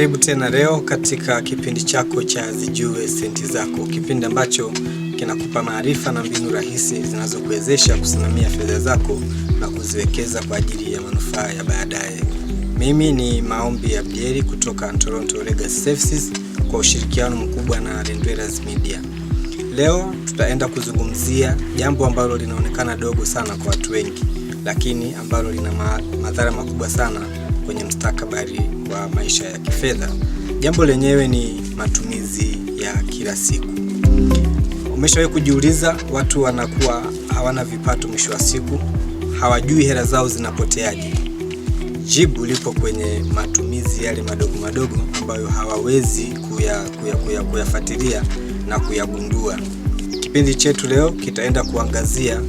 Karibu tena leo katika kipindi chako cha Zijue Senti Zako, kipindi ambacho kinakupa maarifa na mbinu rahisi zinazokuwezesha kusimamia fedha zako na kuziwekeza kwa ajili ya manufaa ya baadaye. Mimi ni Maombi Abdieri kutoka Toronto Legacy Services kwa ushirikiano mkubwa na Lendwellers Media. Leo tutaenda kuzungumzia jambo ambalo linaonekana dogo sana kwa watu wengi, lakini ambalo lina madhara makubwa sana kwenye mstakabali wa maisha ya kifedha, jambo lenyewe ni matumizi ya kila siku. Umeshawahi kujiuliza, watu wanakuwa hawana vipato, mwisho wa siku hawajui hela zao zinapoteaje? Jibu lipo kwenye matumizi yale madogo madogo ambayo hawawezi kuya, kuya, kuya, kuya na kuyagundua. Kipindi chetu leo kitaenda kuangazia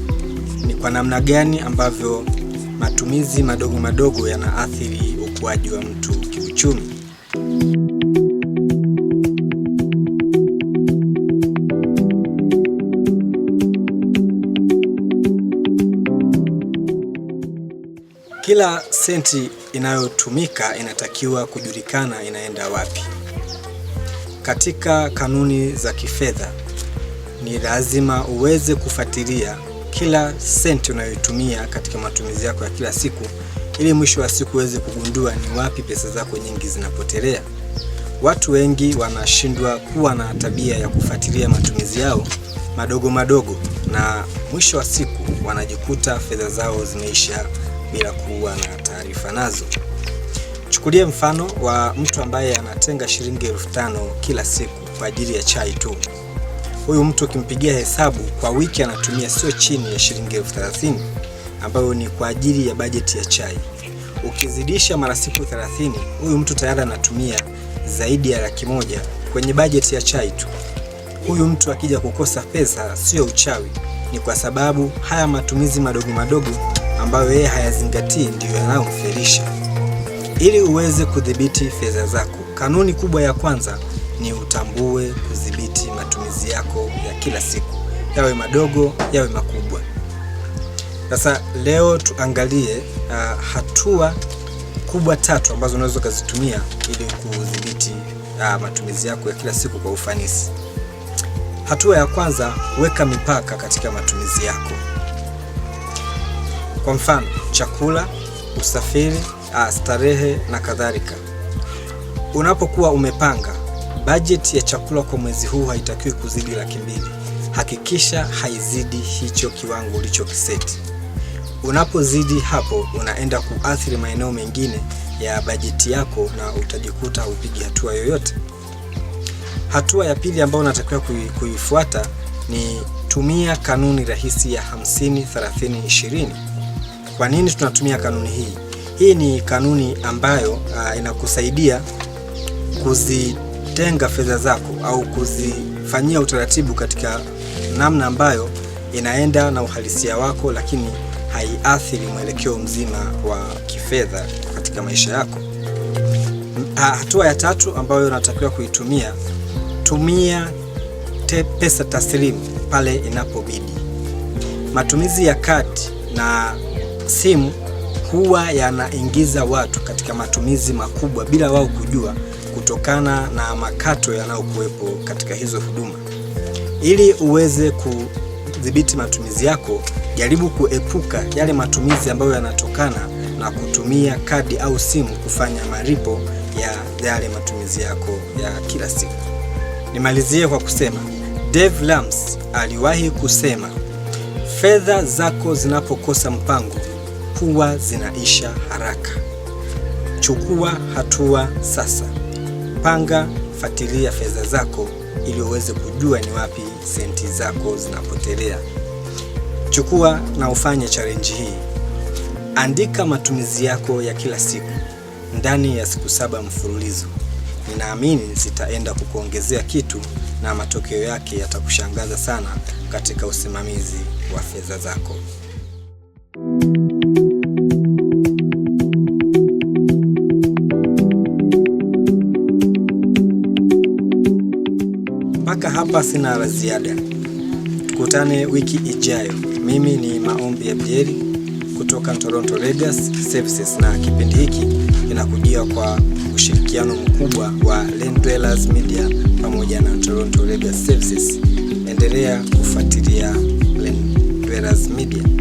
ni kwa namna gani ambavyo matumizi madogo madogo yanaathiri ukuaji wa mtu kiuchumi. Kila senti inayotumika inatakiwa kujulikana inaenda wapi. Katika kanuni za kifedha, ni lazima uweze kufuatilia kila senti unayotumia katika matumizi yako ya kila siku ili mwisho wa siku uweze kugundua ni wapi pesa zako nyingi zinapotelea. Watu wengi wanashindwa kuwa na tabia ya kufuatilia matumizi yao madogo madogo, na mwisho wa siku wanajikuta fedha zao zimeisha bila kuwa na taarifa nazo. Chukulie mfano wa mtu ambaye anatenga shilingi elfu tano kila siku kwa ajili ya chai tu. Huyu mtu ukimpigia hesabu kwa wiki anatumia sio chini ya shilingi elfu thelathini ambayo ni kwa ajili ya bajeti ya chai. Ukizidisha mara siku 30, huyu mtu tayari anatumia zaidi ya laki moja kwenye bajeti ya chai tu. Huyu mtu akija kukosa pesa sio uchawi, ni kwa sababu haya matumizi madogo madogo ambayo yeye hayazingatii ndiyo yanayomfirisha Ili uweze kudhibiti fedha zako, kanuni kubwa ya kwanza ni utambue kudhibiti matumizi yako ya kila siku, yawe madogo, yawe makubwa. Sasa leo tuangalie uh, hatua kubwa tatu ambazo unaweza ukazitumia ili kudhibiti uh, matumizi yako ya kila siku kwa ufanisi. Hatua ya kwanza, weka mipaka katika matumizi yako. Kwa mfano, chakula, usafiri, uh, starehe na kadhalika. Unapokuwa umepanga bajeti ya chakula kwa mwezi huu haitakiwi kuzidi laki mbili, hakikisha haizidi hicho kiwango ulichokiseti. Unapozidi hapo, unaenda kuathiri maeneo mengine ya bajeti yako na utajikuta upigi hatua yoyote. Hatua ya pili ambayo unatakiwa kuifuata ni tumia kanuni rahisi ya 50 30 20. Kwa nini tunatumia kanuni hii? Hii ni kanuni ambayo uh, inakusaidia kuzitenga fedha zako au kuzifanyia utaratibu katika namna ambayo inaenda na uhalisia wako, lakini haiathiri mwelekeo mzima wa kifedha katika maisha yako. Hatua ya tatu ambayo unatakiwa kuitumia, tumia te pesa taslimu pale inapobidi. Matumizi ya kadi na simu huwa yanaingiza watu katika matumizi makubwa bila wao kujua, kutokana na makato yanayokuwepo katika hizo huduma. Ili uweze ku kudhibiti matumizi yako, jaribu kuepuka yale matumizi ambayo yanatokana na kutumia kadi au simu kufanya malipo ya yale matumizi yako ya kila siku. Nimalizie kwa kusema Dave Ramsey aliwahi kusema, fedha zako zinapokosa mpango huwa zinaisha haraka. Chukua hatua sasa, panga, fatilia fedha zako ili uweze kujua ni wapi senti zako zinapotelea. Chukua na ufanye challenge hii. Andika matumizi yako ya kila siku ndani ya siku saba mfululizo. Ninaamini zitaenda kukuongezea kitu na matokeo yake yatakushangaza sana katika usimamizi wa fedha zako. Mpaka hapa sina la ziada, tukutane wiki ijayo. Mimi ni Maombi ya Bieri kutoka Toronto Legacy Services, na kipindi hiki inakujia kwa ushirikiano mkubwa wa Land Dwellers Media pamoja na Toronto Legacy Services. Endelea kufuatilia Land Dwellers Media.